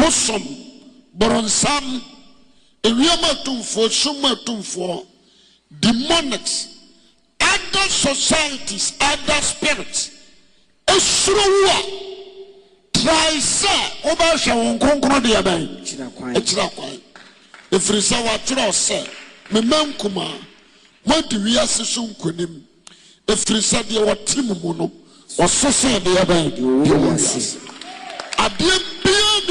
bosom borɔnsam ewiam atumfoɔ sum atumfoɔ demonics other societies other spirits esuro wu a try sɛ wobɛhwɛ wɔn nkonkron deɛ bɛn akyira kwan ɛfiri e e sɛ wɔatwerɛ sɛ mema nkuma moadi wiase so nkonim ɛfiri e sɛ deɛ wɔte mu mu no wɔsesee deɛ bɛn deɛ wɔ adeɛ bia hɔ a ɛwɔ a agyina one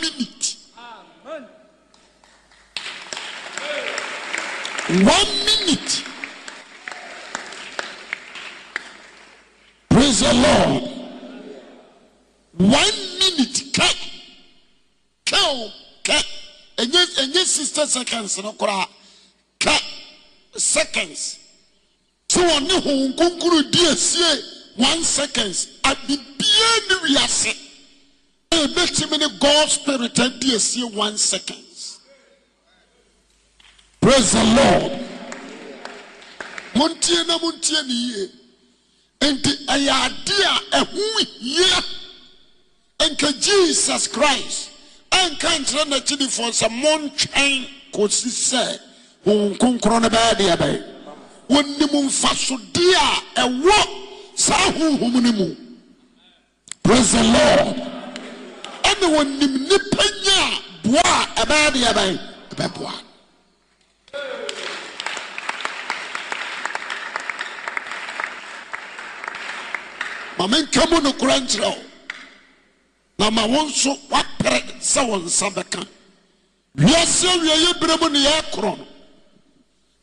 minute one minute praise the lord one minute kɛ kɛ And kɛ ɛnyɛ ɛnyɛ sixty seconds seconds tí one seconds I've abibie ni wiase ɛmɛtumi ni god spirit ɛdi esi one seconds praise the lord montie na montie ni yie nti ɛyɛ ade a ɛho jesus christ ɛnka nkyerɛ n'akyinifoɔ sɛ montwɛn kɔsi sɛ kosi se, no bɛyɛ deɛ bɛyɛ unni nim diya a saa honhom no mu praise the lord ɛne wɔnim nnipa nya boa a ɛbɛyɛ deɛ bɛn ɛbɛboa ma menka mu nokora nkyerɛ wo na ma wo nso woapere sɛ wo nsa bɛka wiase awieyɛ berɛ mu ne yɛkorɔ no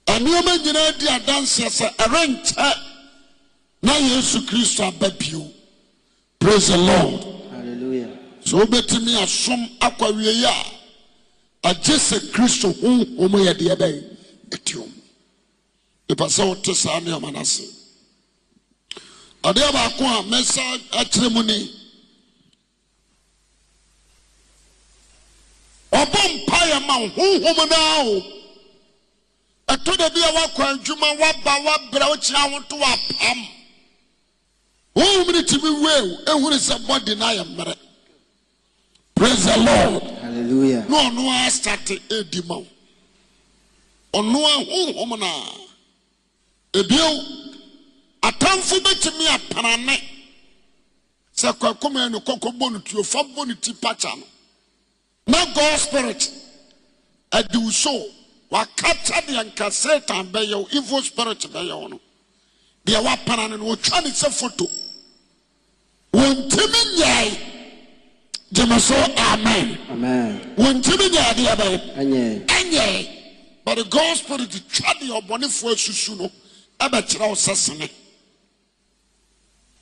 ɛnnoɔma nyinaa di adanseɛ sɛ ɛrenkyɛ Now yesu kristo aba praise the lord Hallelujah. So asom me a agye sɛ kristo honhom yɛdeɛ bɛn ɛtiom etium. sɛ wote saa nneɔma no ase adeɛ baako a mɛsa akyerɛ mu ni ɔbɔ mpaeɛ ma honhom naa o ɛto da bi a woakɔ wa woaba woabrɛ wokyia ho to wapam honhom no tumi wee ɛhunu sɛ bɔde na ayɛ mmerɛ praise the lord na ɔno ara edi ma wo ɔno ara honhom na ebio atamfo bɛtumi apanane sɛ kɔkɔm ɛnu kɔkɔ bɔ tuo fa ti no na god spirit ɛdi so wakata deɛ nka satan bɛyɛ o evil spirit bɛyɛ o no deɛ wapanane no wotwa ne foto. wɔntumi nyɛe gyeme amen wɔntumi nyɛe deɛ bɛyɛ ɛnyɛe but the god spirit twa deɛ ɔbɔnefoɔ asusu no ɛbɛkyerɛ wo sɛ sene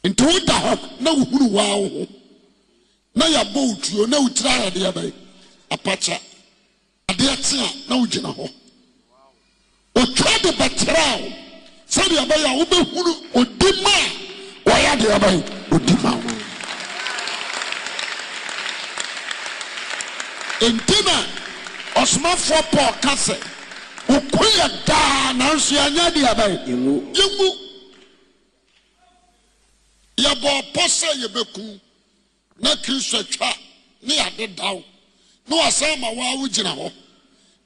nti woda hɔ na wohuru waa wo ho na yɛabɔ wo tuo na wotiri ayɛ deɛ bɛyɛ adeɛ na wogyina hɔ ɔtwa de bɛkyerɛ wo sɛdeɛ ɛbɛyɛ a wobɛhunu ma a wɔyɛ bɛyɛ ma wo enti na ɔsomafoɔ paul ka sɛ wokɔ daa nanso yɛanyɛ de abae yɛngu yɛbɔ ɔpɔ sɛ yɛbɛku na kristo atwa ne yɛade daw na wasan ma woa wogyina hɔ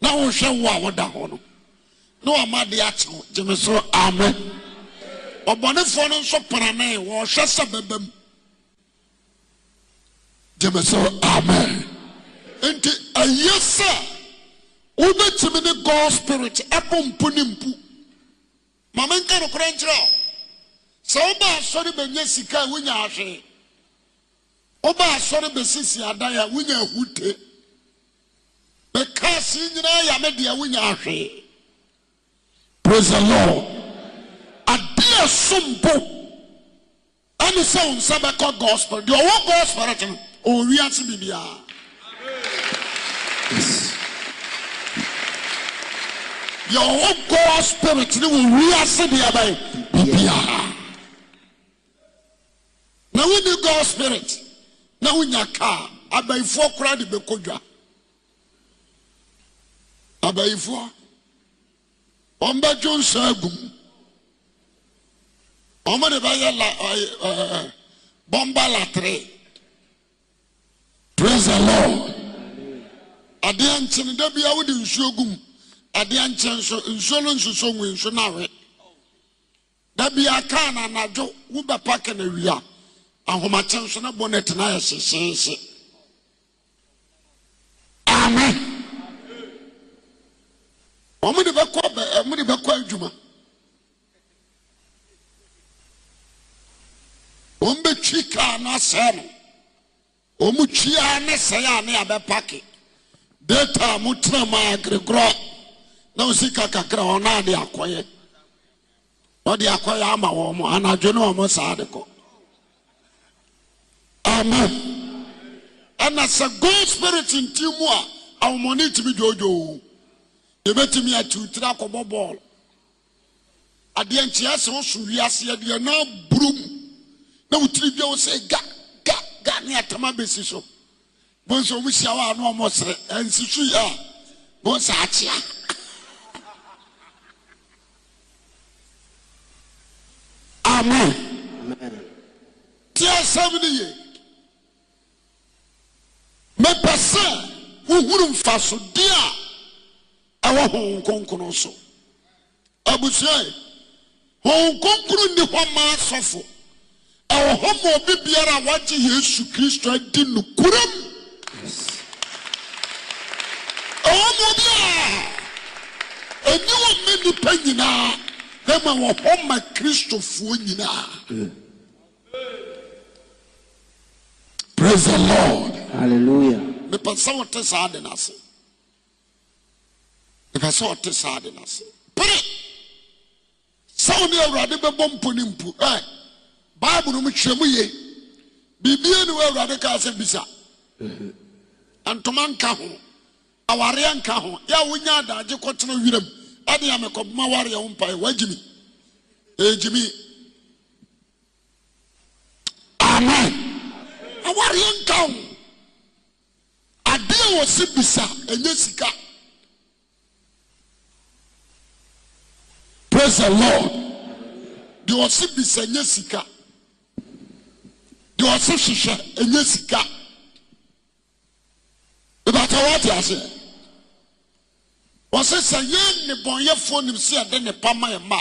na ọ wo a woda hɔ no na wama de akyew gyeme so amen ɔbɔnefoɔ no nso panane wɔhwɛ sɛ bɛbam gyeme so amen nti ɛyɛ sɛ wobɛtumi ne god spirit ɛbɔ mpo ne mpu ma menka nokorɛ nkyerɛ o sɛ woba asɔre bɛnya sika a wonya ahwee woba asɔre bɛsisi adan a wonya ahute mekaa sii nyinaa yɛ deɛ wonya ahwee praise the lord adeɛ sompo ɛne sɛ wo nsa bɛkɔ Your own God spirit ni wo wiase di abayi bibiara. Na wo ni God spirit na wo nya kaa abayifoɔ kora de bɛ kodwa. Abayifoɔ wɔn bɛ dwo nsa egum. Wɔn de bɛ yɛ la ɛɛ bɔmba latere. Praise the Lord. adeɛ nkyene da bia wode nsuo gu m adeɛ nkyene nso nsuo no nsoso nwe nso no awe da bia kaa na anadwo wobɛpake na wie a ahomakye nso no bonnet no ayɛ hyehyehye amen ɔmode bɛkɔ mode bɛkɔ adwuma wɔn bɛtwi kaa no asɛe no wɔn twi ara ne sɛe a ne paaki. data a motena ma agerekorɔ na wo sika kakra ɔna ade akɔyɛ ɔde akɔyɛ ama wɔ mo anadwo ne ɔmo saa de kɔ amen ɛna sɛ god spirit nti mu a ahomɔne tumi dwoodwoo yɛbɛtumi atiwtiri akɔbɔ bɔɔlo adeɛ nkyeɛ sɛ woso wiase adeɛ na aburom na wotiri bia wo sɛ ga ga ga ne atama bɛsi so bonsa wɔn hyia hɔ a na wɔn sere nsi so yɛ bonsa akyea amen tie asɛm ni yɛ mepɛ sɛ wohuru mfasodeɛ a ɛwɔ honhom kronkron so abusua honhom kronkron ni hɔ ma asɔfo ɛwɔ hɔ ma obi biara wagye yesu kristo adi nokorɛm nipa nyinaa na ma wɔhɔ ma kristofoɔ nyinaa praise the lord hallelujah mepɛ sɛ wɔte saa de no ase mepɛ sɛ wɔte saa de no ase pere sɛ wo ne awurade bɛbɔ mpo ne mpo bible no mu kyerɛ mu ye biribie ne wɔ awurade kaa sɛ bisa ntoma nka ho awareɛ nka ho yɛ a wonya adagye kɔtena wiram ɛne a mɛkɔboma wareɛ wo mpae wagyimi ɛgyimi amen awareɛ nka ho adeɛ wɔ se bisa ɛnyɛ sika praise the lord deɛ ɔse bisa ɛnyɛ sika deɛ ɔse hyehyɛ ɛnyɛ sika bibata wate ase wɔsɛ sɛ yɛn nnebɔnyɛfoɔ nim sɛ yɛde nnepa ma yɛ ma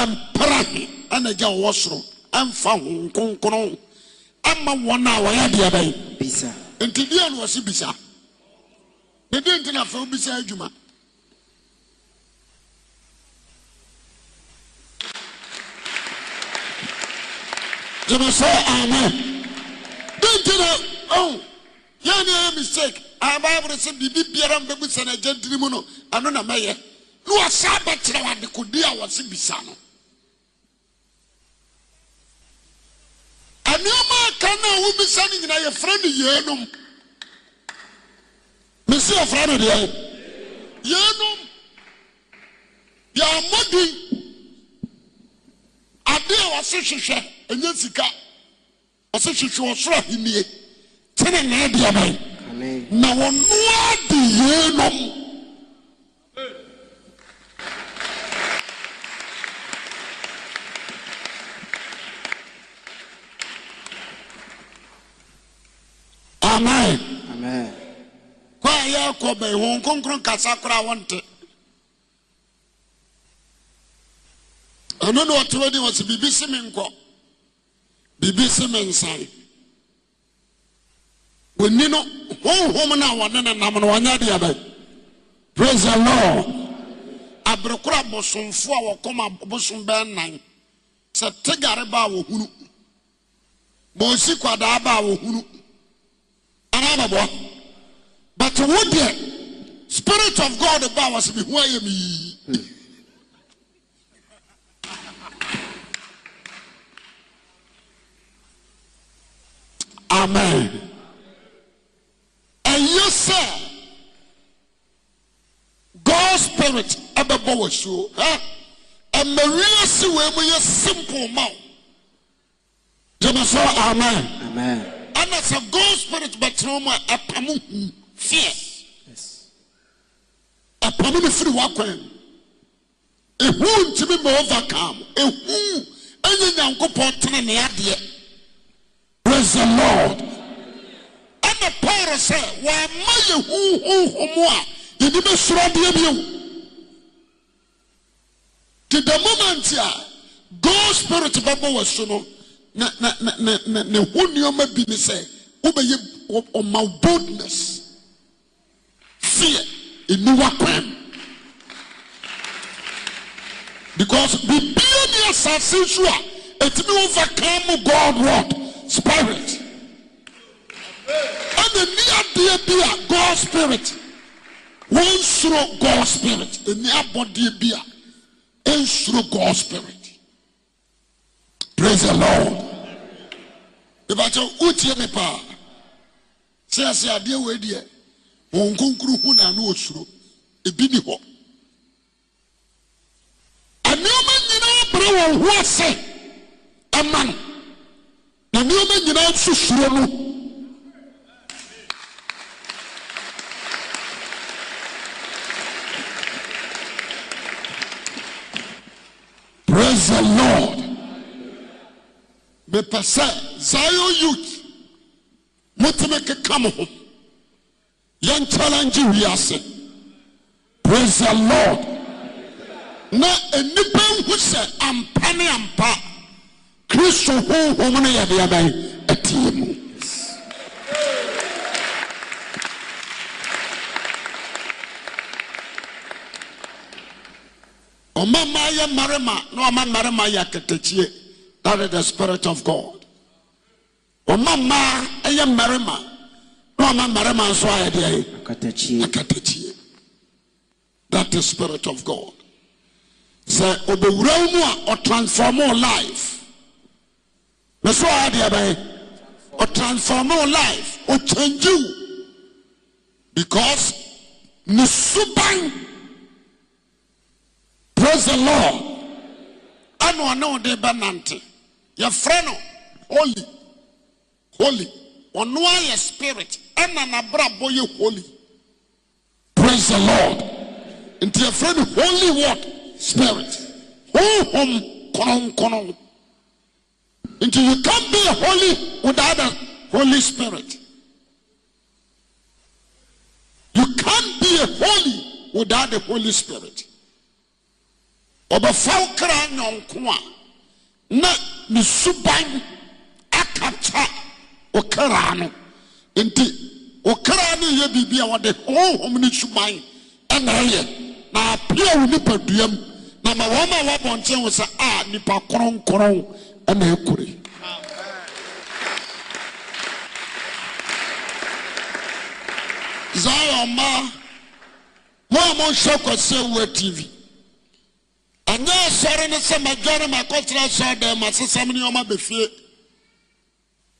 a mpra ho ɛna gya wɔwɔ soro ɛmfa ho nkonkron ama wɔn a wɔyɛ deɛ bɛyɛ bisa nti deɛ na wɔsi bisa ne deɛ nti na afɛ bisa adwuma gyeme sɛ amen deɛ nti na ɔn. Oh, yɛn ni ɛyɛ mistake a baabolo sɛ biribi biara n bu sɛnɛ ɛgya diri mu no ɛno na mɛyɛ ne wɔsa abɛkyerɛ wɔ adekode a wɔse bisa no nneɛma aka no a wobisa no nyina yɛfrɛ no yeinom mesi yɛfrɛ no deɛ yeinom deɛ mmɔden ade a wɔse hwehwɛ ɛnyɛ sika wɔse hwehwɛ ɔsoro ahennie tene ne deɛ bɛn na wɔnoa de yeinom amen kɔ a yɛakɔ bɛi wɔn kronkron kasa koraa wɔnte ɛno ne ɔtewa ne wɔ sɛ biribi se me nkɔ biribi se me nsae wɔni no honhom no a wɔne ne nam no wɔnyɛ deɛ bɛ praise the lord aberekoro abosomfo a wɔkɔm abosom bɛn nan sɛ tegare ba a wɔhunu bɔnsi kwadaa ba a wɔhunu anaa bɛbɔ but wo deɛ spirit of god ba a wɔsɛ mehu ayɛ me amen yourself. God's spirit ɛbɛbɔ wɔ suo and the real wɔ mu yɛ simple mouth. You must sɔ amen And sɛ God's spirit but no more, a ɛpamu hu fear ɛpamu free firi wa kwan to ntumi ma overcome ehu ɛnyɛ nyankopɔn tena ne adeɛ praise the Lord. na paul sɛ wɔama yɛ huhuhumu a yɛni bɛsoro adeɛ bio to the moment a god spirit bɛbɔ wɔ so no na na na na na ne ho nneɛma bi ne sɛ wobɛyɛ ɔma boldness fear eniwa kwan because bibia ne asase so a etimi wɔn fa god word spirit abɔdeɛ bi a god spirit wɔnsuro god spirit ɛni abɔdeɛ bi a ɛnsuro god spirit praise the lord ìbàtɛ wotie mi paa sɛɛsɛ adeɛ wɔ adiɛ wɔn nkonkuru hu na ano osuro ebi ni hɔ nneɛma nyinaa bere wɔn ho ase ɛma no na nneɛma nyinaa nso suro no. mepɛ sɛ saa e oyu moteme keka mo ho yɛnkyara ngye hiease pras he lord na nipa nhu sɛ ampa ne ampa kristo homhom no yɛdeɛbɛn ɛtiɛ mu ɔma mayɛ mmarema na ɔama mmarema yɛ akakakyie That is the spirit of God. Oma mmaa ɛyɛ mmarima na ɔma mmarima nso ayɛ deɛ akatakyie. That is spirit of God. Sɛ obewura mu a ɔtransform your life. Bɛsɛ ɔyɛ deɛ bɛyɛ ɔtransform your life ɔchange you because ne suban praise the lord ɛna ɔne ɔde bɛnante yɛfrɛ no holy holy ɔno ayɛ spirit ɛna n'abrabɔ yɛ holy praise the lord nti yɛfrɛ no holy word spirit honhom kronkron nti you can't be holy without the holy spirit you can't be holy without the holy spirit ɔbɛfaw kra nyɔnko a na ne suban akata wo kra no enti wo kra no yɛ biribi a wɔde honhom ne suban ɛna ɛyɛ na apia wo nipadua mu na ma wɔn a wɔabɔ nkyɛn wo sɛ a ah, nipa korɔnkorɔn ɛna ɛkore zion ma mo a monhyɛ kwasɛ wua tv ɛnyɛ asɔre ne sɛ madwane makɔtena asɔre dɛn masesɛm ne ɔma bɛfie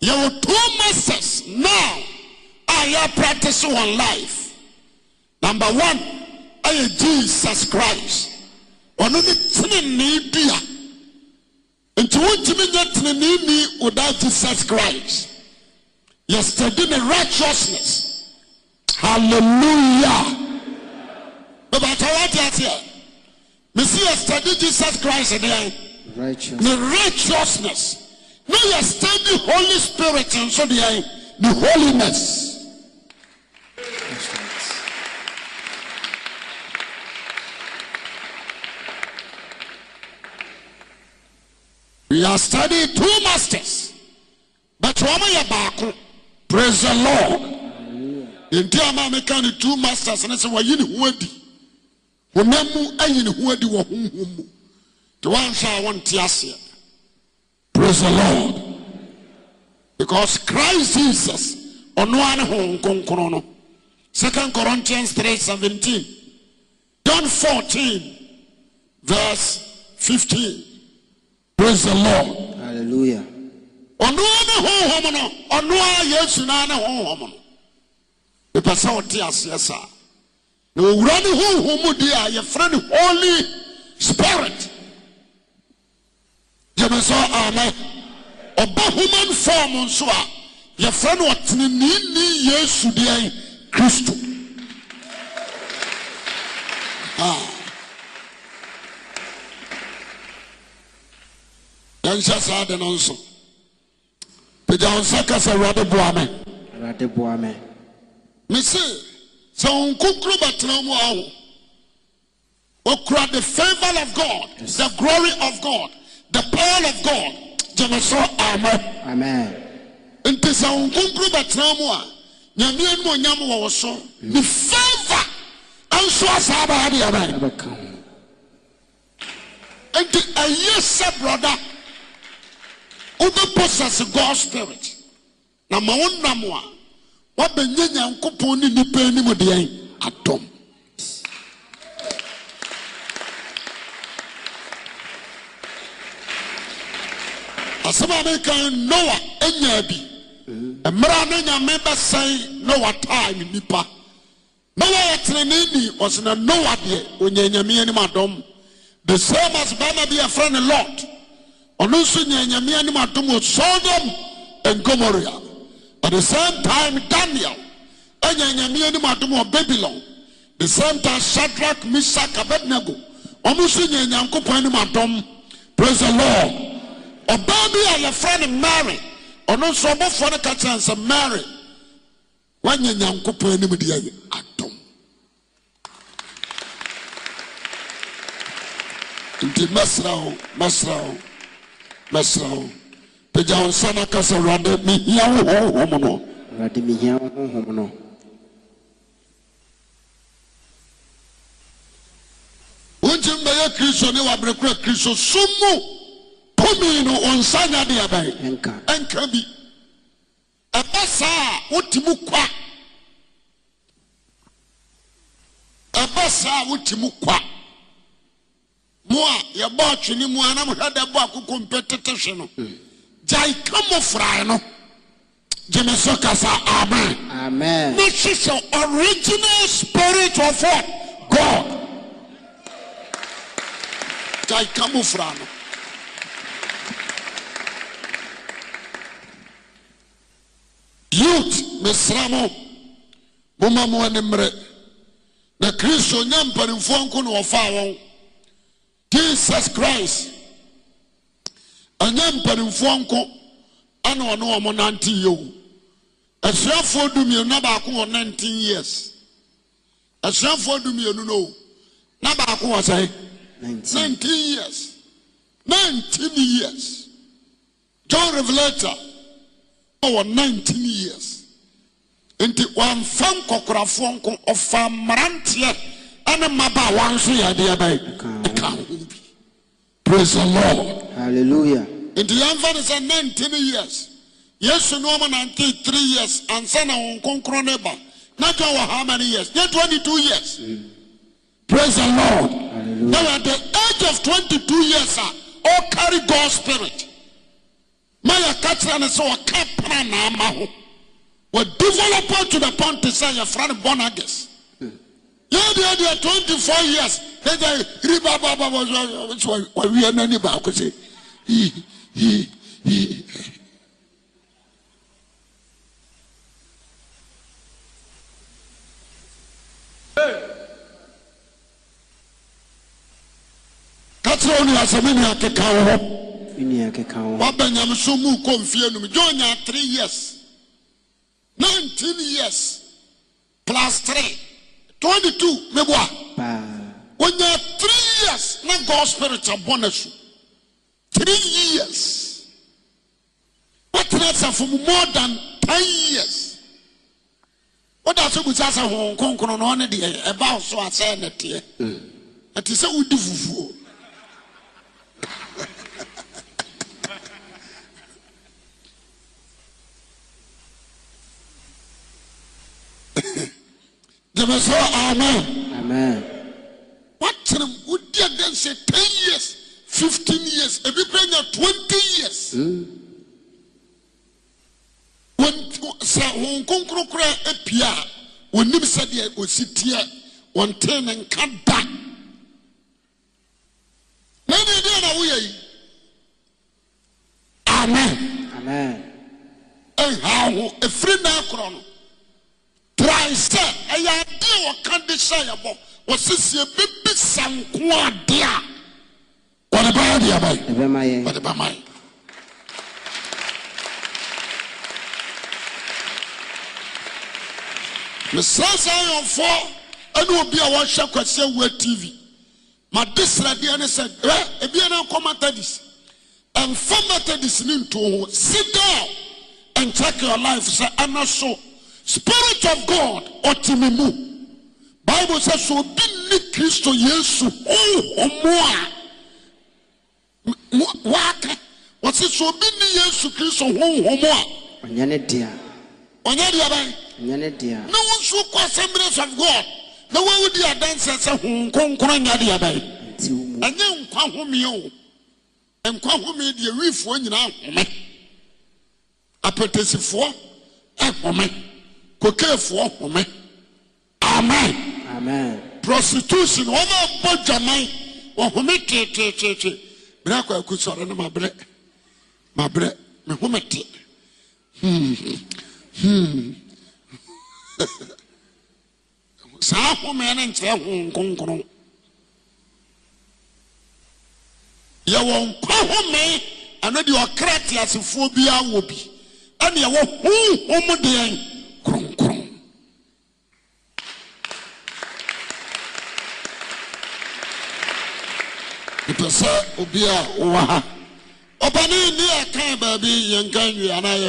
yɛwɔ two messages now a yɛ practice wɔn life number one ɛyɛ jesus christ ɔno ne tenenee dua nti wontumi nyɛ tenenee ni without jesus christ yɛstadi ne righteousness hallelujah bɛbɛtɔ wɔte aseɛ me see a study Jesus Christ there. Righteous. The righteousness. Now you study Holy Spirit and so the, the holiness. We are studying two masters. But Roma back, praise the Lord. In Tiamamekani, two masters, and I said, Well, you need honam mu ayi ne ho adi wɔ honhom mu nti woanhyɛ a aseɛ praise the lord because christ jesus ɔno ara no second corinthians 3 17 john 14 verse 15 praise the lord hallelujah ɔno ara no ɔno no aseɛ saa na owura ne honhom mu di a yɛfrɛ ne holy spirit yɛmɛ sɛ amɛ ɔba human form nso a yɛfrɛ no ɔteneniini yesu deɛn kristo ah. yɛnhyɛ saa de no nso pagya wo nsa ka sɛ awurade boa me awurade boa me me So wo nkonkuro awo, mu the favor of god yes. the glory of god the power of god gyeme so amen nti sɛ wo nkonkuro bɛtena mu a nyame anim onyam wɔ wo so ne favor nso asaa baa de aban nti ɛyɛ sɛ brɔda wobɛposɛs god spirit na ma wo nam a wabɛnyɛ nyankopɔn ne nnipa anim deɛn adɔm asɛm a mekan noa anyaa bi mmerɛ ne nyame bɛsɛn noa taa ne nnipa na wɔyɛ tenene ni ɔsena noa deɛ ɔnya nyame anim adɔm the same as bama bi yɛfrɛ ne lord ɔno nso nya nyame anim adɔm wɔ sodom and gomoria athe same time daniel anya nyame nim adom wɔ babylon the same time shadrak misak abednabo ɔmoso nya nyankopɔn anim adom pras e lord ɔbɛa bi a yɛfrɛ ne mary ɔno so ɔbofoɔ no ka kyeɛne sɛ mary woanyɛ nyankopɔn anim de a adom nti mɛsra wo mɛsrawo mɛsrɛ wo pagya wo nsa no ka sɛ awurade mehia wo honhom no awurade mehia wo honhom no wontim bɛyɛ kristo ne wabere kora kristo som mu tumi no wo nsa nya deɛ bɛn ɛnka bi ɛba saa a wotimi kwa ɛba saa a wotimi kwa mo a yɛbɔ ɔtwe ne mu a na mohwɛ dɛ bɔ akoko mpɛ tete hwe no mm. gyae ka mɔ fra no gye me so kasa amen mɛhyesɛ original spiritofo god yae ka mo fra no youth mesra m moma mo animmerɛ na kristo nya mpanimfoɔ nko ne wɔfaa wɔn jesus khrist ɛnyɛ mpanimfoɔ nko ana ɔne ɔmo nante yie o asuafoɔ dumienu na baako wɔ nineteen years asuafoɔ dumienu no na baako wɔ nineteen years nineteen years john revelator ɔwɔ nineteen years nti wɔnfa nkɔkorafoɔ nko ɔfa mmeranteɛ ɛne mmabaawa nso yɛ adeɛ bɛyɛ ɛka ho bi praise the lord hallelujah nti yɛmfa no sɛ 19 years yesu ne ɔma nante 3 years ansa na wɔn kronkron ne ba na wɔ how many years yɛ 22 years praise the lord were at the age of 22 years a carry god spirit ma yɛka kyerɛ ne sɛ ɔka pra na ama ho to the point say yɛfra no born agas yɛdeɛ deɛ 24 years ɛgya ribabababɔ wawie no ani baako sɛ kakyerɛ wo ne asɛme ne akeka wo hɔ waba nyameso mu kɔ mfie num john nya 3 years nineteen years plus three, 3 22 meboa ɔnya three years na god spirit abɔ no so three years wɔtena asafo for more than ten years woda oh, so busa sɛ honhom kronkron na ɔne deɛ ɛba wo so a sɛ ne teɛ ɛte sɛ wodi fufuo gyeme sɛ amen wɔtena wodi adanse ten years 15 years, if you bring 20 years, When when Hong Kong Krokra appear, when Nim said he was here, turn and come back. Many then are we. Amen. Amen. And how a free now crown. Try, sir, I idea what can desire about was this a baby some quadia. ɔde bɛyɛ deɛ bɛyɛ ɔde bɛma yɛ mesrɛ sɛ yɔmfoɔ ɛne obi a wɔhwɛ kwasi awua tv made sradeɛ ne sɛ ɛ eh, ebia no nkɔ matadis ɛmfa matadis ne nto ho sit down and life sɛ ɛna so spirit of god ɔteme mu bible sɛ sɛ obi nni kristo yesu honhomo a waaka wɔsi sɛ obi ni yesu kristo honhom a. ɔnyɛ ne dea. ɔnyɛ dea bɛn. ɔnyɛ ne dea. na wɔn nso kɔ assemblies of god na wɔn awo di adansi sɛ hun nkonkoro nya dea bɛn. ɛnyɛ nkwa homie o nkwa homie deɛ wiifoɔ nyinaa home apɛtɛsifoɔ ɛhome kokeefoɔ home amen. amen. prostitution wɔn a bɔ dwaman wɔn home teeteeteetee. merɛ kɔ akusɔre no bɛ mabrɛ me ho mete hmm. Hmm. saa home ne nkyɛɛ hoo kronko yɛwɔ nkohome ɛno deɛ ɔkra teasefoɔ biawɔ bi ɛnne yɛwɔ homhomdeɛn obi a wowɔ ha ɔpani ni ɛka baabi yɛn nka nwi anaa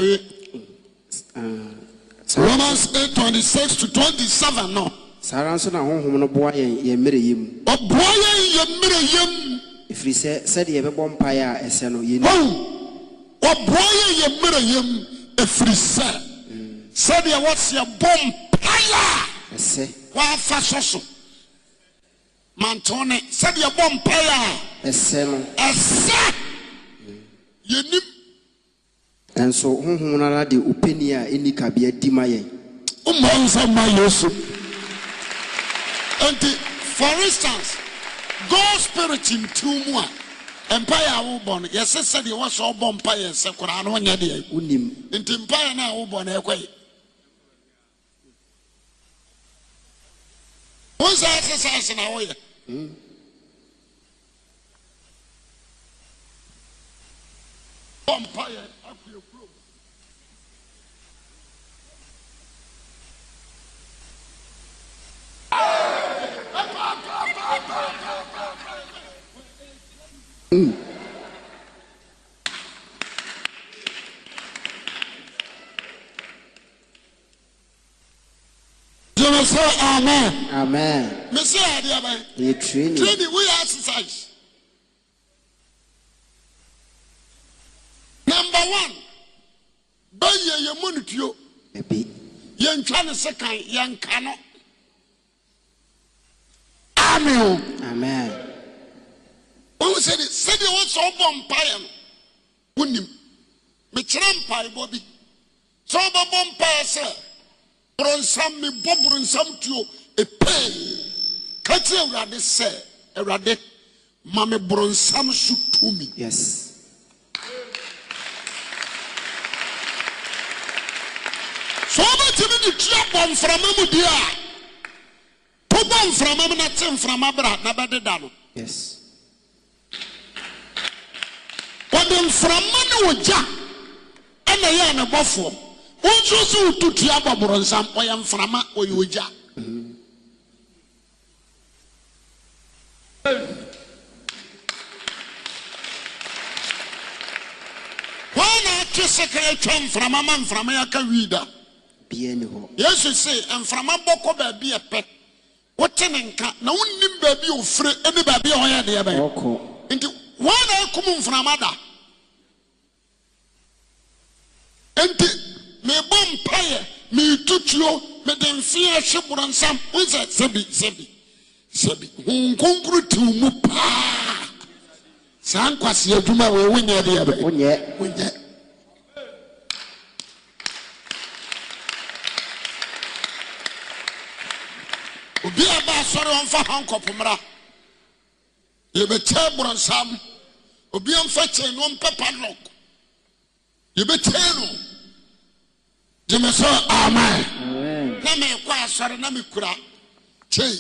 romans eight twenty six to twenty seven no. saa nso na honhom no boa yɛn yɛn mmerɛ yɛm. ɔboa yɛn yɛn mmerɛ yɛm. efiri sɛ sɛdeɛ yɛbɛbɔ mpaeɛ a ɛsɛ no yɛn. ɔboa yɛn yɛn mmerɛ yɛm efiri sɛ mm. sɛdeɛ wɔsi ɛbɔ mpaeɛ a ɛsɛ wɔafa sɔsɔ. mantone sɛdeɛ bɔ mpaeɛ a ɛsɛ no ɛsɛ yɛnim nanso honhom no ara de opani a ɛni kabea di ma yɛn woma wo nsa ma yesu nti for instance god spirit ntiw mu a mpaeɛ a wobɔ no yɛsɛ sɛdeɛ wɔsɛ wobɔ mpaeɛ sɛ koraa no wonyɛ deɛ wonim nti mpaeɛ na a wobɔ no ɛkɔe wo nsa exercise na woyɛ Hmm? Umpire up your Mm. Say amen. Amen. Me say amen. The train? Training we exercise. Number one. Bɛyɛ yɛ mɔnituo. Ebi. Yɛntwa ne se kan yɛnka no. Amen. Amen. Wɔn sɛ de sɛdeɛ wɔn sɛ ɔbɔ mpaeɛ no, wɔnim. Mekyerɛ mpaebɔ bi. Sɛ ɔbɛbɔ mpaeɛ sɛ borɔnsam mebɔ borɔnsam tuo ɛpɛi ka kyerɛ awurade sɛ awurade ma me borɔnsam so tumi yes sɛ wobɛtumi ne tua bɔ mframa mu deɛ a to bɔ mframa mu na te mframa bra na bɛdeda no yes wɔde mframa ne ogya ɛna yɛ ne bɔfoɔ wọn nso so tutu abɔ borɔnsam ɔyɛ mframa ɔyɛ ogya. wọn na atu sika atwa mframa ma mframa yaka wiida. bia ni yesu se mframa bɔ kɔ baabi ɛpɛ wote ne nka na wonnim baabi ofire ɛne baabi a ɔyɛ deɛ bɛyɛ. nti wọn na ekum mframa da nti mebɔ mpaeɛ meetutuo mede mfeɛ hye borɔnsam wo sɛ sɛbi sɛbi sɛbi honkonkuro tiw mu paa saa nkwase adwuma wɔ wonyɛ deɛ bɛ wonyɛ wonyɛ obi a ba asɔre ɔmfa hankɔpo mmra yɛbɛkyɛ borɔnsam obi ɔmfa kyɛn no ɔmpɛ padlock yɛbɛkyɛ no gyeme sɛ amen na meekɔ asɔre na mekura kyei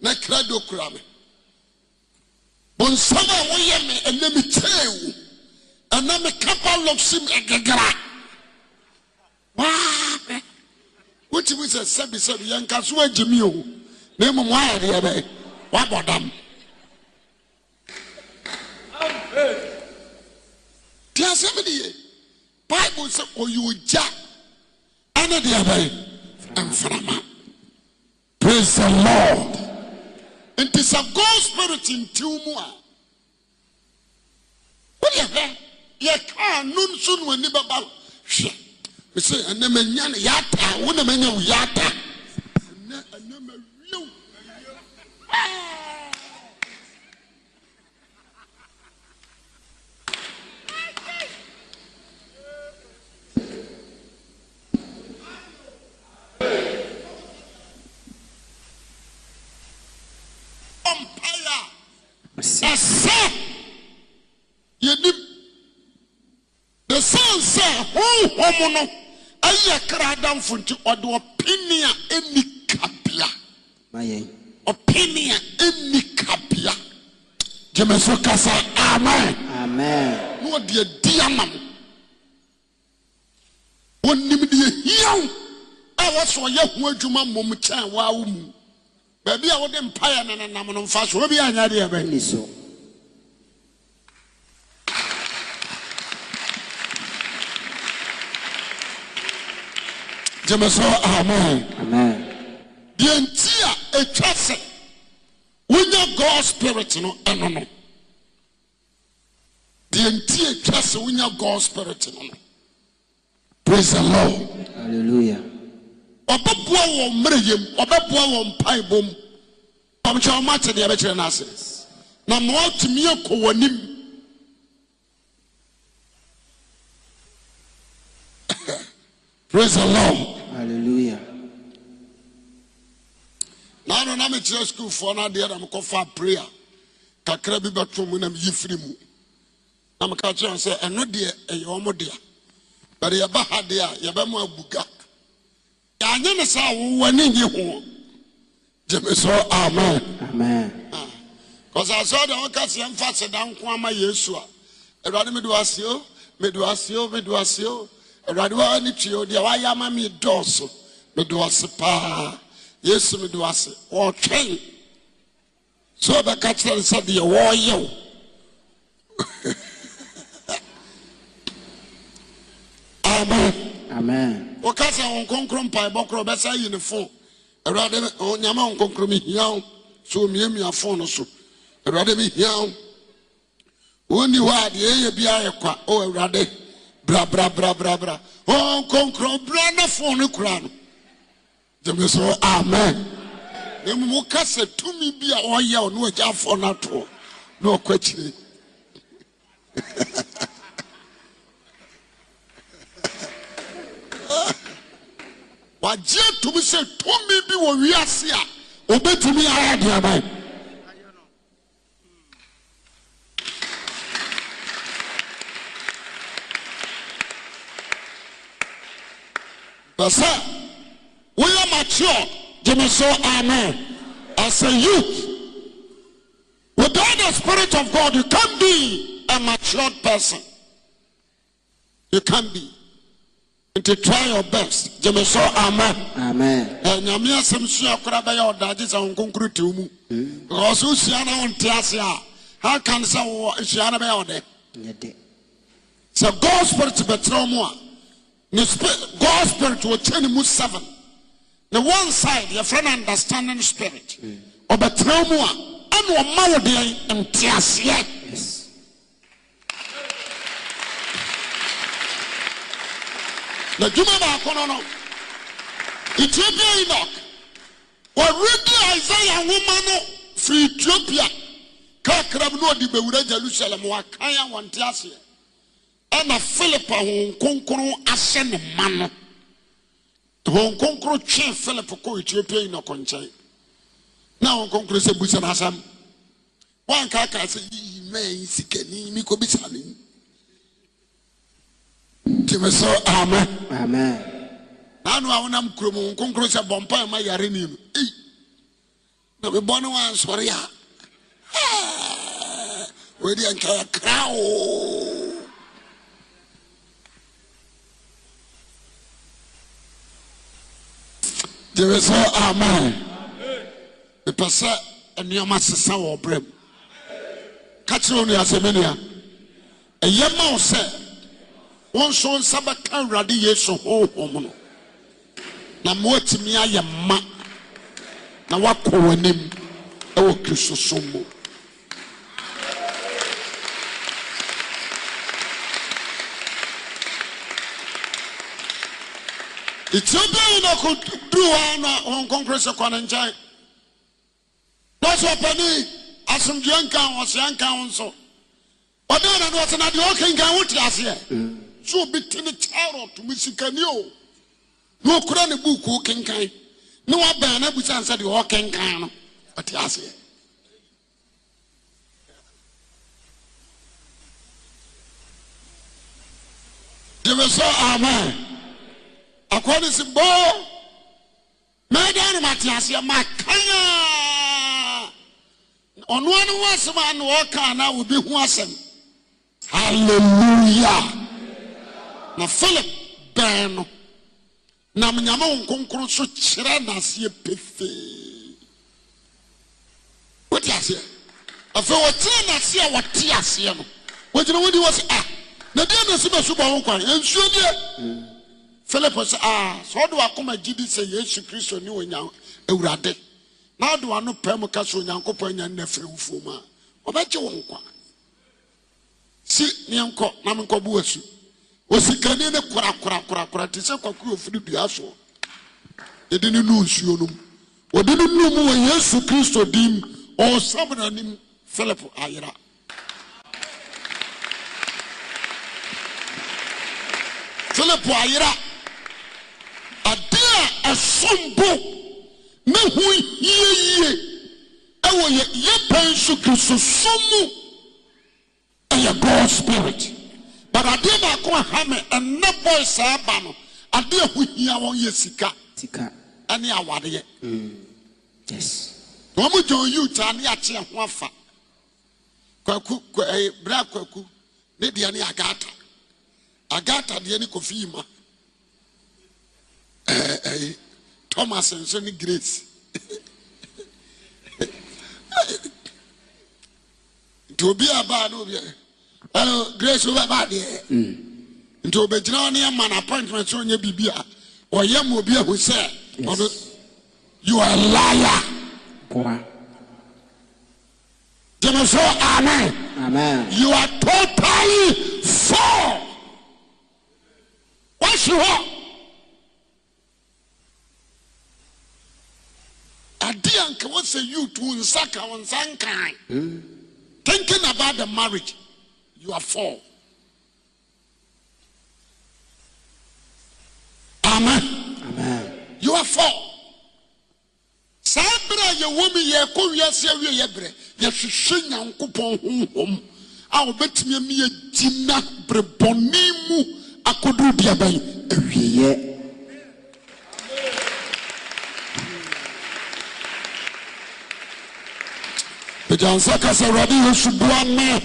na krado kura me bonsam a woyɛ me ɛnɛ mekyɛe wo ɛnɛ mekapa lɔpsim ɛgegra waapɛ wotumi sɛ sɛbisɛbi yɛnka so agye me o na mmom woayɛ deɛ bɛɛ woabɔ dam deɛ asɛm ne ye bible sɛ ɔyɛ ogya ɔbaa no deɛ bɛyɛ praise the lord nti sɛ god spirit ntiw mu a wodeɛ hwɛ yɛkaa no nso no ani bɛba me sɛ ɛnam yata. no yɛata m no ɛyɛ kra adamfo nti ɔde ɔpnea nnikabea gyeme so kasa amen ne ɔdediama m onimde hiawo a wɔsɔ ɔyɛ ho adwuma mmom kyɛn wa wo mu baabi a wode mpayɛ nenenam no mfa so obiaanyɛ de yɛbɛni so gyemesɛ amen deɛ nti a ɛtwa sɛ wonya god spirit no ɛno no deɛ nti a ɛtwa sɛ wonya god spirit no no praise the lord hallelujah ɔbɛboa wɔn mmerɛyɛm ɔbɛboa wɔn mpaebom ɔmkyɛ ɔmo ate deɛ ɛbɛkyerɛ no ase na ma watumi akɔ w'anim praise the lord hallelujah naano na mekyerɛ sukuufoɔ no adeɛ na mekɔfa prayer kakra bi bɛto mu na meyi firi mu na meka kyerɛ sɛ ɛno deɛ ɛyɛ ɔmo dea but ba ha deɛ a yɛbɛma abu Ya yɛanyɛ ne sa wowɔ ne nye ho gyeme sɛ amen kɔsasɛ de woka seɛ mfa seda nko ama yesu a awurade mede waseɛ o me waseɛ o mede waseɛ o awurade wa ni tue o deɛ wayɛ ama mi dɔɔso mede ɔse paa yesu mede ɔse ɔtwɛn so ɔbɛka kyerɛ ne sɛ deɛ wɔɔyɛ wo amen wɔka sɛ wɔn konkro mpaebɔ korɔ ɔbɛsa yi ne fo awurade nyama wɔn konkro mehia wo so omiamia fo no so awurade mehia wo wɔnni hɔ a deɛ ɛyɛ biara yɛ kwa o awurade brabrabrabrabra ɔnkonkron bra na fon no kura no gyeme so amen na mmom woka sɛ tumi bi a ɔyɛ wo ne ɔgya afɔ no atoɔ na ɔkɔ akyire wagye atumi tumi bi wɔ wiase a ɔbɛtumi ayɛ deɛ aban But sir, we are mature. Give so amen. As a youth, without the Spirit of God, you can't be a matured person. You can't be. And try your best. Give so amen. Amen. And your mere simsua could have been your daddy's own concrete to me. Because Usiana on Tiasia, how can someone Usiana be out there? So God's Spirit to be trauma. ne spirit god spirit wɔkyɛ ne mu seven na one side yɛfrɛ no understanding spirit ɔbɛtena hmm. mu a ɛna ɔma wo deɛ nteaseɛ na dwuma baako no no ethiopia enoch wɔredi isaiah nwoma no firi ethiopia kakra bi na ɔde bɛwura jerusalem wakan a wɔnte aseɛ ɛna philip a wɔn konkron ahyɛ ne ma no wɔn konkron twee philip kɔ ethiopia yi na kɔnkyɛn na wɔn konkron sɛ busa n'asam wɔn akaaka sɛ yiyi mɛn sikani mi kɔ bisa ne tèmi sɛ amen n'anu a wɔnam kurom wɔn konkron sɛ bɔnpa ɛma yare ne mu eyi na mi bɔ ne wɔn ansɔre a wɔn edi nkakra ooo. gyere sɛ amen mepɛ sɛ nneɛma sesa wɔ ɔbrɛ mu ka kyerɛ onu asɛm nua ɛyɛ ma wo sɛ wɔn nso nsa bɛka awurade yesu honhom no na ma woatumi ayɛ ma na woakɔ w'anim ɛwɔ kristo so mu nti obiara na kɔduru hɔ na wɔn kɔnkɔn sɛ kɔ ne nkyɛn lɔsɔ panin asomdua nka ho ɔsia nka ho nso ɔdan na no ɔtena deɛ ɔkenkan ho te aseɛ so obi te ne kyɛrɔt mu sikani o na ɔkura ne buuku kenkan ne wabɛn na busa nsa deɛ ɔkenkan no ɔte aseɛ deɛ bɛ sɛ amen akɔɔ ne sɛ boo mɛdan ne mate aseɛ makaa ɔnoa no ho asɛm a na ɔka na obi ho asɛm hallelujah na philip bɛn no nam nyame wo nkonkron so kyerɛ n'aseɛ pefee wote aseɛ afei wɔkyerɛ n'aseɛ a wɔte aseɛ no wɔgyina wodi wɔ sɛ a na deɛ na ɛsi bɛso bɔ ho kwan ɛnsuo deɛ philip sɛ aa ah, sɛ ɔde wakoma gyi di sɛ yesu kristo ne onya awurade na ɔde wano pɛ mu ka sɛ onyankopɔn anya nna afiri wofuom a ɔbɛgye wo nkwa si neɛnkɔ na menkɔbo wasu osikani ne korakorakorakora te sɛ kwakoro ofiri dua soɔ yɛde ne nu nsuo no mu ɔde ne nu mu wɔ yesu kristo dim ɔɔsabra nim philip ayera philip ayera ɛsombo ne ho hie yie ɛwɔ yɛ yɛpɛ nso kristosom mu ɛyɛ god spirit but adeɛ baako aha me ɛnɛ boy saa ba no adeɛ ho hia wɔn yɛ sika sika ɛne awadeɛ mm. yes wɔn mo gyɔn youth a ne akye ɛho afa kwaku kwa ɛyɛ bra kwaku ne deɛ ne agata agata deɛ ne kofi yi ma ɛɛ thomas nso ne grace nti obi a baa ne obi a ɛno grace wobɛ baa deɛ mm. nti obɛgyina hɔ ne yɛ ma no appointment sɛ ɔnyɛ biribi a ɔyɛ ma obi ahu sɛ ɔno you are a liar Boy. Jẹ́mi sọ amen. Amen. You are totally four. Wọ́n ṣe wọ́n. like what's say you to unsaka on sankai. Hmm? Thinking about the marriage, you are four. Amen. Amen. You are four. saa bere a yɛwɔ mu yɛkɔ wiase awie yɛ berɛ yɛhwehwɛ nyankopɔn honhom a wɔbɛtumi ami yɛgyina berebɔne mu akɔduru deɛ bɛn awieɛ agyansa kasa awurade yesu boa me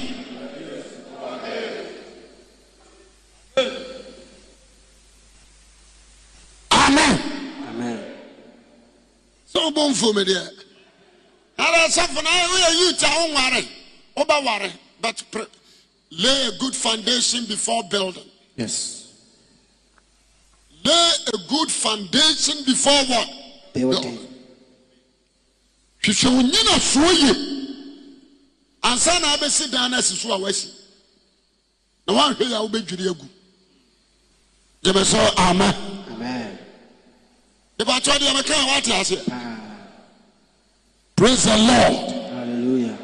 amen sɛ wobɔ mfom deɛ ara sɛfo no woyɛ youth a wonware wobɛware but pre- lay a good foundation before building yes lay a good foundation before what building hwehwɛ wo nyina soɔ yie ansa na abɛsi dan na-esi so a wasi na woanhwɛ yɛ a wobɛdwiri agu gyeme sɛ ama debatɔ deɛ meka a woate aseɛ ah. praise the lord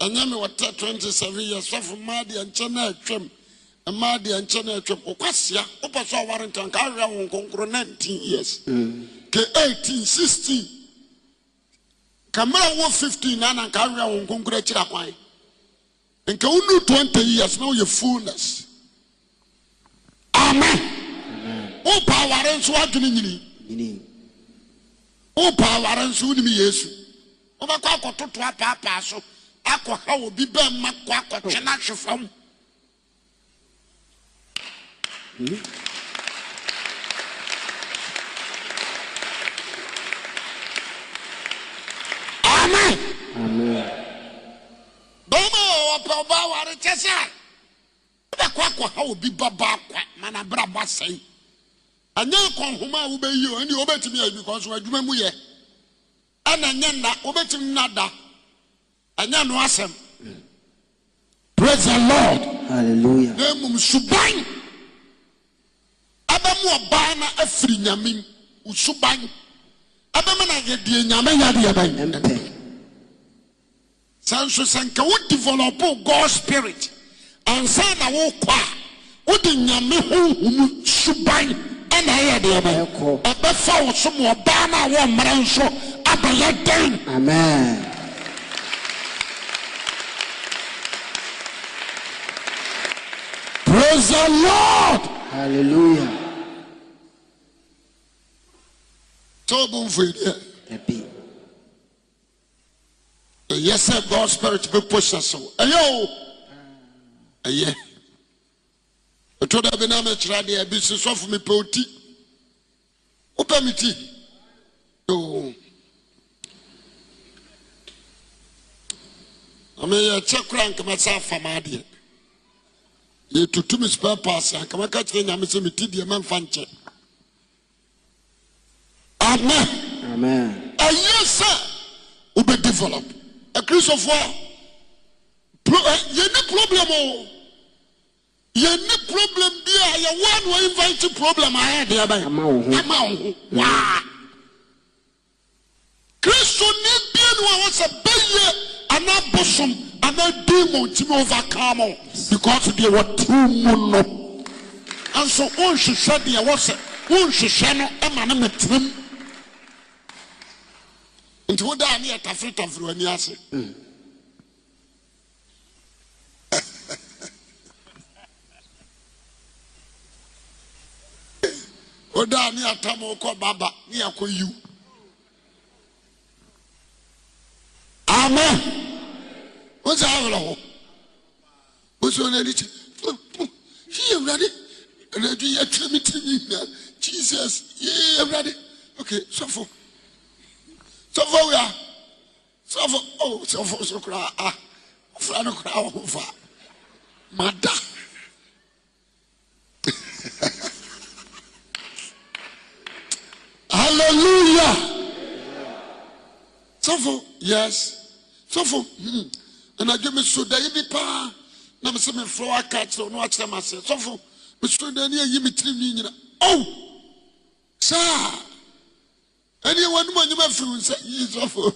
ɛnyɛ me wɔtɛ 27 years sɔfo mmaa deɛ nkyɛ no atwam mmaa deɛ nkyɛ no atwam wokwasea wopɛ so a warenkanka awɛ wo 19 years mm. ke kamara wɔ fifteen na na nka awia wɔn nkonkoro akyiri akwan nka wonu twenty years na wɔyɛ fullness amen wopa aware nso adwene nyini wopa aware nso wonim yesu wobɛkɔ akɔtoto apaapaa so akɔha obi bɛn ma kɔ akɔtwe no ahwe fam hmm. amen bɛrima wɔ wɔpɛ ɔbaa ware kyɛ sɛ wobɛkɔ ha obi babaa kwa mana berɛ bɔ asɛe ɛnyɛ nkɔnhoma a wobɛyi o ɛne wobɛtumi ayi kɔ so adwuma mu yɛ ɛna da no asɛm praise the lord hallelujah na suban ɔbaa na afiri na nyame saa nso sɛ nka wo develop god spirit ansa na wokɔ a wode nyame honhom suban ɛna ɛyɛ deɛ no ɛbɛfa wo so ma ɔbaa no a wɔmmara nso abɛyɛ dɛn amen praise the lord hallelujah vidi. wobomfoideɛ yes, sir, God's spirit be pushed us. Ayo, aye. Eto da bi na me kyerɛ deɛ bi si sɔfo mi pɛ oti wopɛ mi ti oo ame yɛ kyɛ kura nkama sɛ afam adeɛ yɛ tutu mi spare pass nkama ka kyerɛ nyame sɛ mi ti deɛ mɛ nfa nkyɛ amen amen sir. We be develop. akristofoɔ eh, yɛni problem o yɛni problem bi a yɛwɔ na wɔinvite problem a yɛ deɛ bɛyɛ ama wo ho waa kristoni bie no a wɔsɛ bɛyɛ anaa bosom anaa demon tumi overcome o because deɛ wɔte mu no nso wɔnhwehwɛ deɛ wɔsɛ wɔnhwehwɛ no ma no mɛtenam nti wo daa ne yɛ tafere tafere w'ani ase wo daa ne yɛtam wokɔ baba ne yɛkɔ yiw amen wo sɛ awerɛ ho wo sɛ onani kyɛ hwiyɛ awurade anadwo yɛtwa me tirinyi nyinaa jesus yɛ awurade okay sɔfo so sɔfo wia sɔfo o oh, sɔfo so kura a ah, ofura no kura wɔn fa ma da hallelujah sɔfo yes sɔfo hmm ɛnna mi so da yi bi paa na mi sɛ mi fura aka kyerɛ ɔno akyerɛ ma se sɔfo mi so da ni eyi mi tiri mi nyina ɔw oh! saa ɛne wɔnom anyam afiri wo nsa yi sɔfo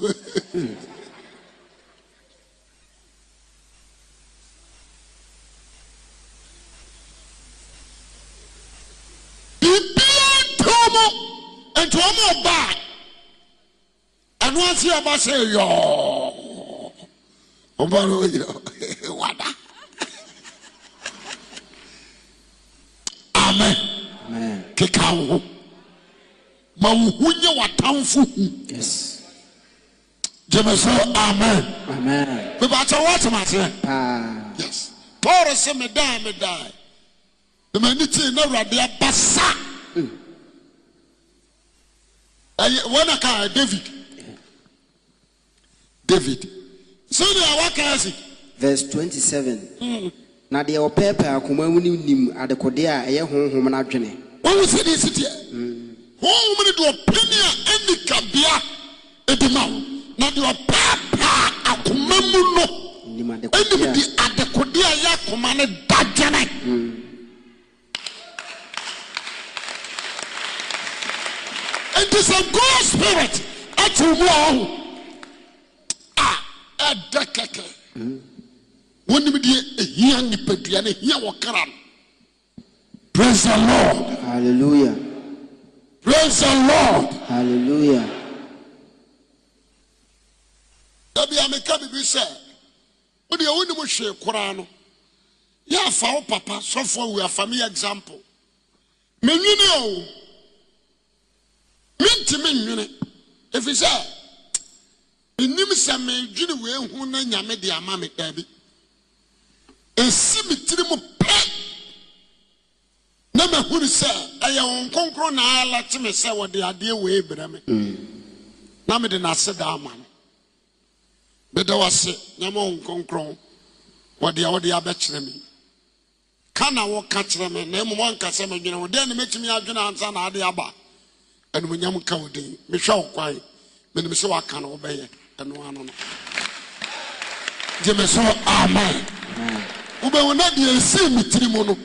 biribia tew mu nti ɔma ɔbaa ɛno ase ɔba sɛ yɔɔ ɔba no ɔyerɛ wada amen keka wo ho ma wo ho nyɛ w'atamfo hu gyeme sɛ amen mebakyɛ wo atemaseɛ yes paul sɛ medaa medae na m'ani tee na awurade abasa hmm. ɛyɛ wɔn a kaa david david sɛnea wakaa si verse 27 mm. na deɛ ɔpɛɛpɛ akoma mu no nim adekodeɛ a ɛyɛ honhom no adwene wohu sɛdeɛ si teɛ hmm. hohomno de ɔpɛne a ɛnikabea adi ma wo na deɛɔpaapaa akoma mu no ɛnim de adekode hmm. a yɛ akoma no da dwane nti sɛ god spirit ati mua ɔh ah, a ɛdɛ kɛkɛ wɔnim de hmm. hia nnipadua no hia wɔ kra no presee lorda Praise the Lord. Hallelujah. Dabi ameka bibi sɛ, o deɛ wuli mu hwee koraa no, yɛ afa wo papa sɔfo wu afa mi example. Menwini o, mentimi nwini, efisɛ, menim sɛ mendwini wee hu na nyame de ama me daabi. Esi mi tiri mu pɛɛ. na mahunu sɛ ɛyɛ wɔn nkonkron na alɛte me sɛ wɔde adeɛ wei brɛ me na mede n'ase da ama no bɛda wase nyɛma wɔn nkonkron wɔde a wɔde abɛkyerɛ me ka na wɔka kyerɛ me na mmom wɔnka sɛ medwene wo deɛ ne mɛtumi adwene ansa na ade aba animonyam ka wo din mehwɛ wo kwan menim sɛ waka no wobɛyɛ ɛno ano no gyeme so amen wobɛhu na deɛ ɛsii me tiri mu no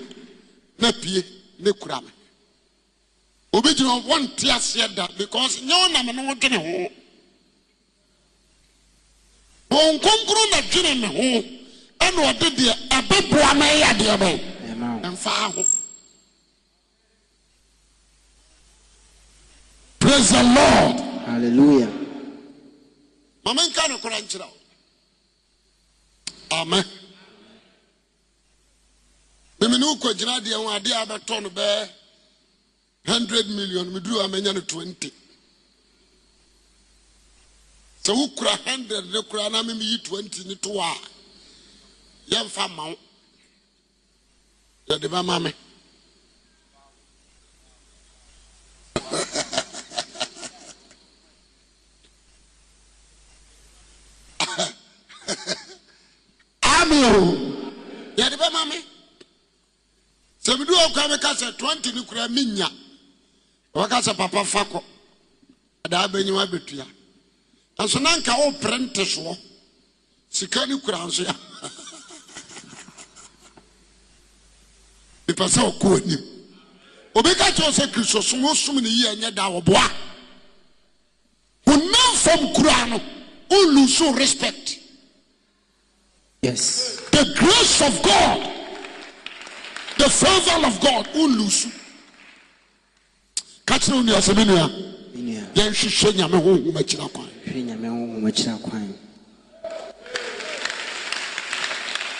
na pie ne kura me obi gyina wɔnte aseɛ da because nyɛ ɔnam ne ho dwene ho wɔn nkonkoro na dwene ne ho ɛna ɔde deɛ ɛbɛboa ɛyɛ adeɛ ho praise the lord hallelujah nka ne kora nkyerɛ amen mani wokɔgyina deɛ ho adeɛ a bɛtɔ no bɛɛ 100 million meduru a manya no 20 sɛ wokura 100 ne koraa na memeyi 20 ne to a yɛmfa ma wo yɛde bɛma me sɛ medu hɔ koraa meka sɛ 20 no koraa menya wɔka papa fako kɔ adaa bɛnyim abɛtua nanso na nka woprɛ nte soɔ sika no kura nso ya mepɛ sɛ ɔkɔ anim obi ka kyerɛ sɛ kristo so wosom ne yie nyɛ da wɔboa wonam fam kura no wolu so respect yes the grace of god the favor of God unlusu kakyina onua sɛ me nua yɛnhwehwɛ nyame honhom akyira kwan